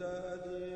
الدادين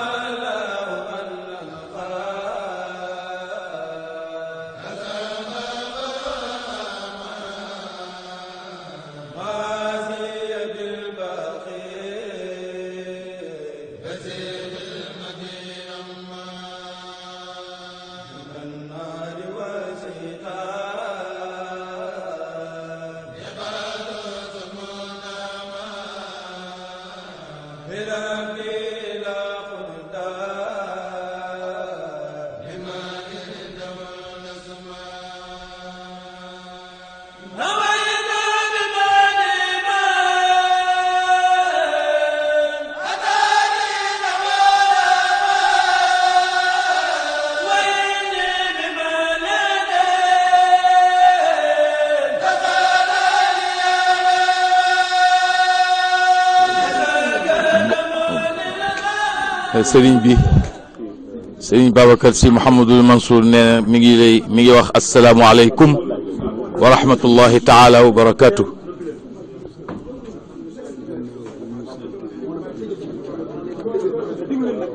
sëriñ bi sëriñ Babacar si Mouhamadul Mansour nee na mi ngi mi ngi wax asalaamualeykum wa rahmatullahi taala wa barakaatu.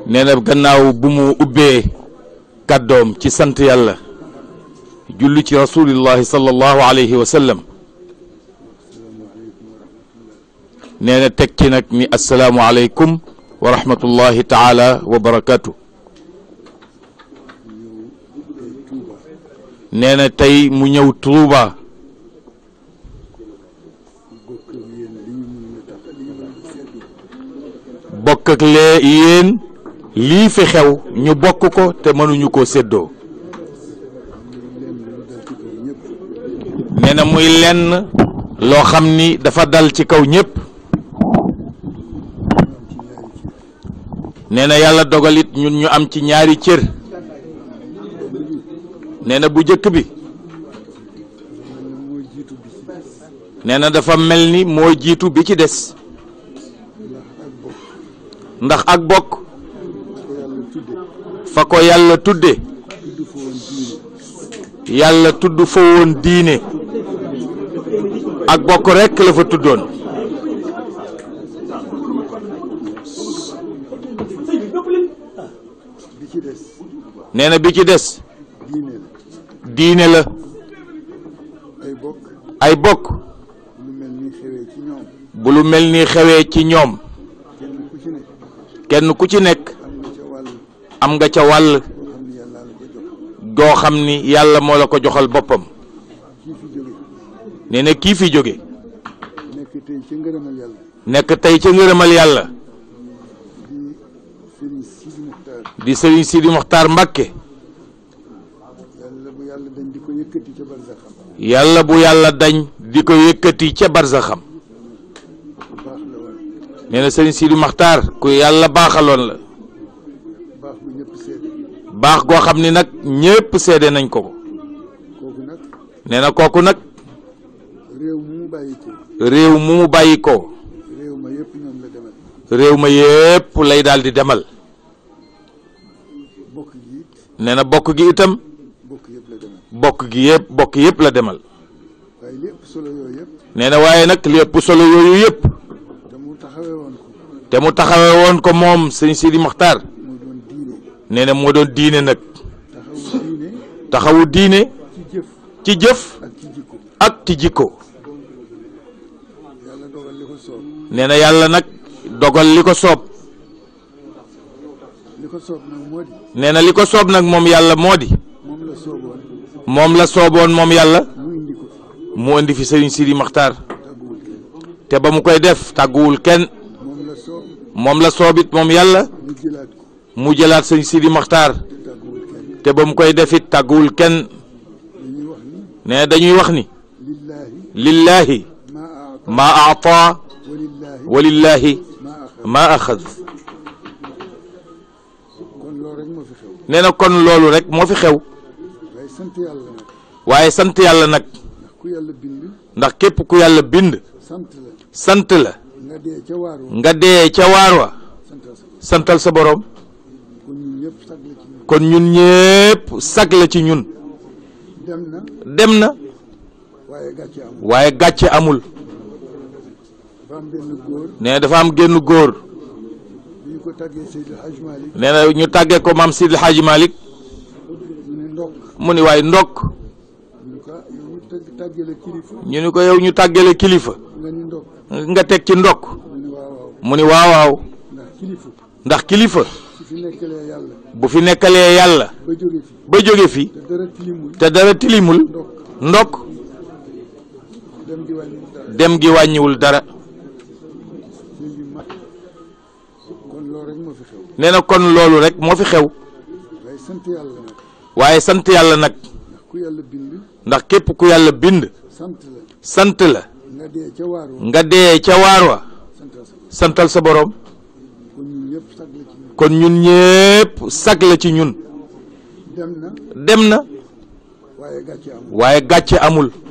nee na gannaaw bumu ubbe ubbee kàddoom ci sant yàlla julli ci rasulillahi sallallahu alayhi wa sallam nee na teg ci nag ni wa rahmatullahi taala wa barakaatu nee na tey mu ñëw Touba bokk ak lee yéen lii fi xew ñu bokk ko te mënuñu koo séddoo nee na muy lenn loo xam ni dafa dal ci kaw ñépp nee na yàlla dogalit ñun ñu am ci ñaari cër nee na bu jëkk bi nee na dafa mel ni moo jiitu bi ci des ndax ak bokk fa ko yàlla tudde yàlla tudd fa woon diine ak bokk rekk la fa tuddoon nee na bi ci des diine la ay bokk bu lu mel ni xewee ci ñoom kenn ku ci nekk am nga ca wàll goo xam ni yàlla moo la ko joxal boppam nee na kii fi jóge tey ca ngërëmal nekk tey ca ngërëmal yàlla. di Serigne Sidi Mokhtar Mbakke. yàlla dañ di ko yëkkati yàlla bu yàlla dañ di ko yëkkati ca barzaxam. nee na Serigne Sidi Mokhtar ku yàlla baaxaloon la. baax goo xam ni nag ñëpp seede nañ ko ko. nee kooku nag. réew mu mu bàyyi ko. réew mu mu bàyyi ma yëpp lay daal di demal. bokk na bokk gi itam. bokk yëpp la gi yëpp bokk yëpp la demal. waaye li ëpp solo na waaye nag li ëpp solo yooyu yëpp. te mu taxawee woon ko. moom sëñ Sidi Maxtaar. moo doon na moo doon diine nag. taxawu diine. taxawu diine. ci jëf. ak ci jikko. nee na yàlla nag dogal li ko soob nee na li ko soob nag moom yàlla moo di moom la sooboon moom yàlla mu indi fi sëriñ Sidi Maxtaar te ba mu koy def tàgguwul kenn moom la soobit moom yàlla mu jëlaat sëriñ Sidi Maxtaar te ba mu koy def tàgguwul kenn nee dañuy wax ni lillaahi ma ata walillahi maa axad nee na kon loolu rek moo fi xew waaye sant yàlla nag ndax képp ku yàlla bind sant la nga dee ca waar wa santal sa boroom kon ñun ñépp sag la ci ñun dem na waaye gàcce amul nee dafa am génn góor nee na ñu tàggee ko mam Sidil Hadji Malick mu ni waay ndokk ah, ñu ni ko yow ñu tàggale kilifa nga teg ci ndokk mu ni waaw ndax kilifa bu fi nekkalee yàlla ba jóge fi te dara tilimul ndokk dem gi wàññiwul dara nee na kon loolu rek moo fi xew waaye sant yàlla nag ndax képp ku yàlla bind sant la nga dee ca waar wa santal sa boroom kon ñun ñépp sag la ci ñun dem na waaye gàcce amul